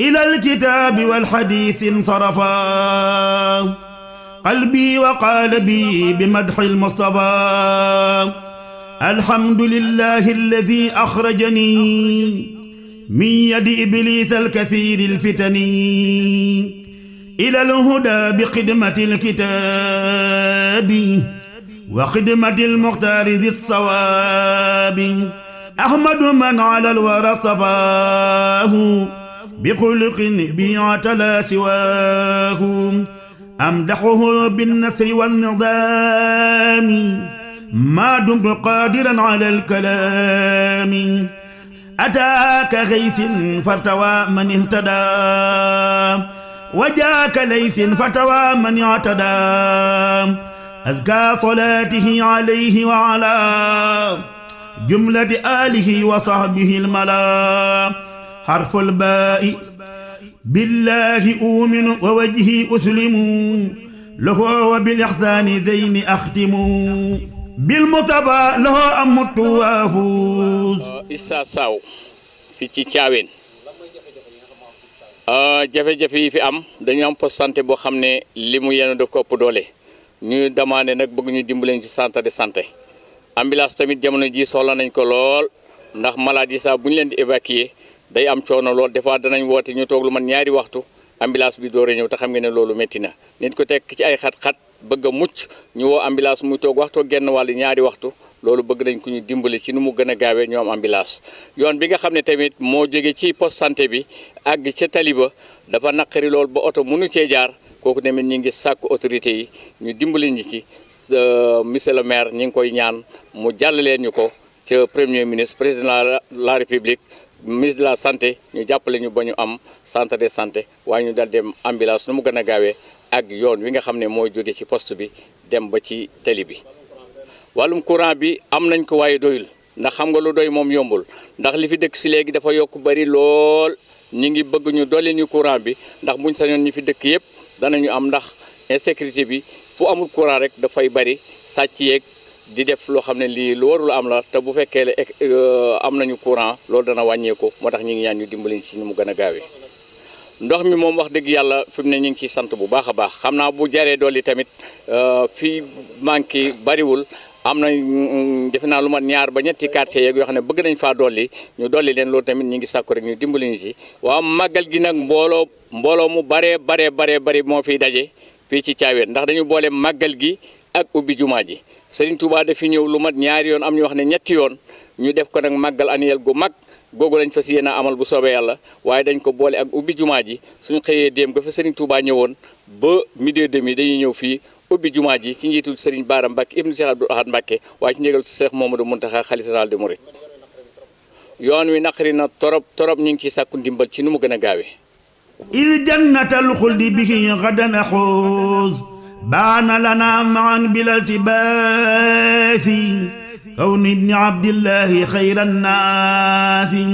إلى الكتاب والحديث انصرفا قلبي وقال بي بمدح المصطفى الحمد لله الذي أخرجني من يد إبليس الكثير الفتن إلى الهدى بخدمة الكتاب وخدمة المختار ذي الصواب أحمد من على الورى صفاه بخلق بيعة لا سواه أمدحه بالنثر والنظام ما دمت قادرا على الكلام أتاك غيث فارتوى من اهتدى وجاك ليث فتوى من اعتدى أذكى صلاته عليه وعلى جملة آله وصحبه الملام حرف الباء بالله أؤمن ووجهي أسلم له وبالإحسان ذين أختم بالمتبى له أمت وافوز إسا ساو في تيتاوين jafe-jafe yi fi am dañu am poste santé boo xam ne li mu yenu daf ko ëpp doole ñu demandé nag bëgg ñu dimbaleen ci centre de santé ambulance tamit jamono ji soxla nañ ko lool ndax malade yi saa bu ñu leen di évacuer day am coono lool des danañ woote ñu toog lu man ñaari waxtu ambulance bi door ñëw te xam nga ne loolu métti na nit ko tekk ci ay xat-xat bëgg mucc ñu woo ambulance muy toog waxtoo genn wàll ñaari waxtu loolu bëgg nañ ko ñu dimbali ci nu mu gën a gaawee ñoom ambulance yoon bi nga xam ne tamit moo jóge ci poste santé bi àgg ca taliba dafa naqari lool ba oto mënu cee jaar kooku tamit ñu ngi sàkk autorité yi ñu dimbali ñi ci euh, monsieur le maire ñi ngi koy ñaan mu jàll leen ñu ko ca premier ministre président de la république ministre de la santé ñu jàppale ñu ba ñu am centre de santé waaye ñu dal dem ambulance nu mu gën a gaawee ak yoon wi nga xam ne mooy jóge ci post bi dem ba ci tali bi wàllum courant bi am nañ ko waaye doyul ndax xam nga lu doy moom yombul ndax li fi dëkk si léegi dafa yokk bari lool ñu ngi bëgg ñu dolli ñu courant bi ndax buñ sañoon ñu fi dëkk yëpp danañu am ndax insécurité bi fu amul courant rek dafay bari sàcc yeeg di def loo xam ne lii lu warul am la te bu fekkee le euh, am nañu courant loolu dana wàññeeku moo tax ñu ngi ñaan ñu dimbali ci ñu mu gën a gaawe ndox mi moom wax dëgg yàlla fi mu ne ñu ngi ciy sant bu baax a baax xam naa bu jaree dolli tamit euh, fii manqué bariwul am na mm, defe naa lu mat ñaar ba ñetti quartier yeeg yoo xam ne bëgg nañu faa dolli ñu dolli leen loolu tamit ñu ngi sàkku rek ñu dimbali ñu ci waaw màggal gi nag mbooloo mbooloo mu baree baree baree bari moo fiy daje fii ci Thiawéne ndax dañu boole màggal gi ak ubbi jumaa ji Serigne Touba dafi ñëw lu mat ñaari yoon am ñu wax ne ñetti yoon ñu def ko nag màggal annuel gu mag googu lañ fas yéene amal bu soobee yàlla waaye dañ ko boole ak ubbi jumaa ji suñu xëyee déem ga fa Serigne Touba ñëwoon ba midi demi dañuy ñëw fii ubbi jumaa ji ci njiitul Serigne Bara Mbacke ibnu Cheikh Abdou Ahad Mbacke waaye ci njëgal ma Mamadou Mountakha Khalife général des Mourides yoon wi naqari na torop torop ñu ngi ciy sàkku ndimbal ci nu mu gën a gaawee. il jannatal بان لنا معا بالالتباس كون ابن عبد الله خير الناس